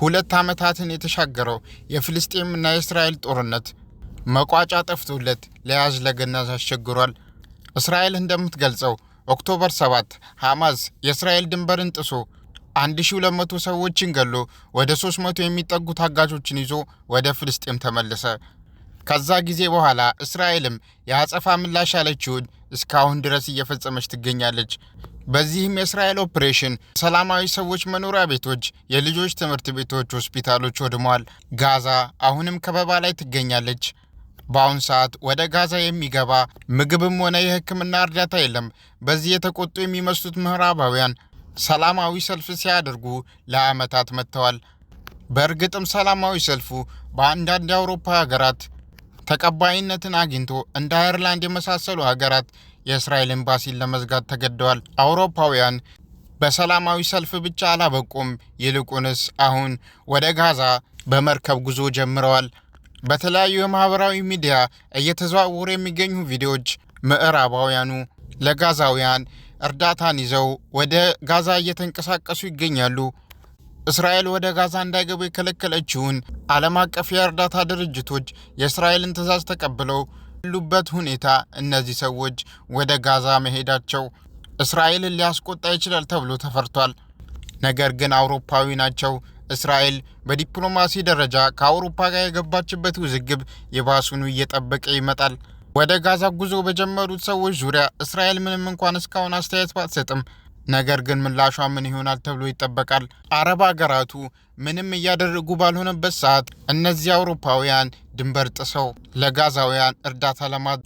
ሁለት ዓመታትን የተሻገረው የፍልስጤምና የእስራኤል ጦርነት መቋጫ ጠፍቶለት ለያዝ ለገናዝ አስቸግሯል። እስራኤል እንደምትገልጸው ኦክቶበር 7 ሐማስ የእስራኤል ድንበርን ጥሶ 1200 ሰዎችን ገሎ ወደ 300 የሚጠጉ ታጋቾችን ይዞ ወደ ፍልስጤም ተመለሰ። ከዛ ጊዜ በኋላ እስራኤልም የአጸፋ ምላሽ ያለችውን እስካሁን ድረስ እየፈጸመች ትገኛለች። በዚህም የእስራኤል ኦፕሬሽን ሰላማዊ ሰዎች መኖሪያ ቤቶች፣ የልጆች ትምህርት ቤቶች፣ ሆስፒታሎች ወድመዋል። ጋዛ አሁንም ከበባ ላይ ትገኛለች። በአሁን ሰዓት ወደ ጋዛ የሚገባ ምግብም ሆነ የሕክምና እርዳታ የለም። በዚህ የተቆጡ የሚመስሉት ምዕራባውያን ሰላማዊ ሰልፍ ሲያደርጉ ለዓመታት መጥተዋል። በእርግጥም ሰላማዊ ሰልፉ በአንዳንድ የአውሮፓ ሀገራት ተቀባይነትን አግኝቶ እንደ አየርላንድ የመሳሰሉ ሀገራት የእስራኤል ኤምባሲን ለመዝጋት ተገደዋል። አውሮፓውያን በሰላማዊ ሰልፍ ብቻ አላበቁም። ይልቁንስ አሁን ወደ ጋዛ በመርከብ ጉዞ ጀምረዋል። በተለያዩ የማህበራዊ ሚዲያ እየተዘዋወሩ የሚገኙ ቪዲዮዎች ምዕራባውያኑ ለጋዛውያን እርዳታን ይዘው ወደ ጋዛ እየተንቀሳቀሱ ይገኛሉ። እስራኤል ወደ ጋዛ እንዳይገቡ የከለከለችውን ዓለም አቀፍ የእርዳታ ድርጅቶች የእስራኤልን ትዕዛዝ ተቀብለው ያሉበት ሁኔታ እነዚህ ሰዎች ወደ ጋዛ መሄዳቸው እስራኤልን ሊያስቆጣ ይችላል ተብሎ ተፈርቷል። ነገር ግን አውሮፓዊ ናቸው። እስራኤል በዲፕሎማሲ ደረጃ ከአውሮፓ ጋር የገባችበት ውዝግብ የባሱኑ እየጠበቀ ይመጣል። ወደ ጋዛ ጉዞ በጀመሩት ሰዎች ዙሪያ እስራኤል ምንም እንኳን እስካሁን አስተያየት ባትሰጥም ነገር ግን ምላሿ ምን ይሆናል ተብሎ ይጠበቃል። አረብ አገራቱ ምንም እያደረጉ ባልሆነበት ሰዓት እነዚህ አውሮፓውያን ድንበር ጥሰው ለጋዛውያን እርዳታ ለማድ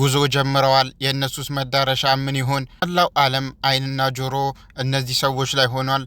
ጉዞ ጀምረዋል። የእነሱስ መዳረሻ ምን ይሆን? መላው ዓለም አይንና ጆሮ እነዚህ ሰዎች ላይ ሆኗል።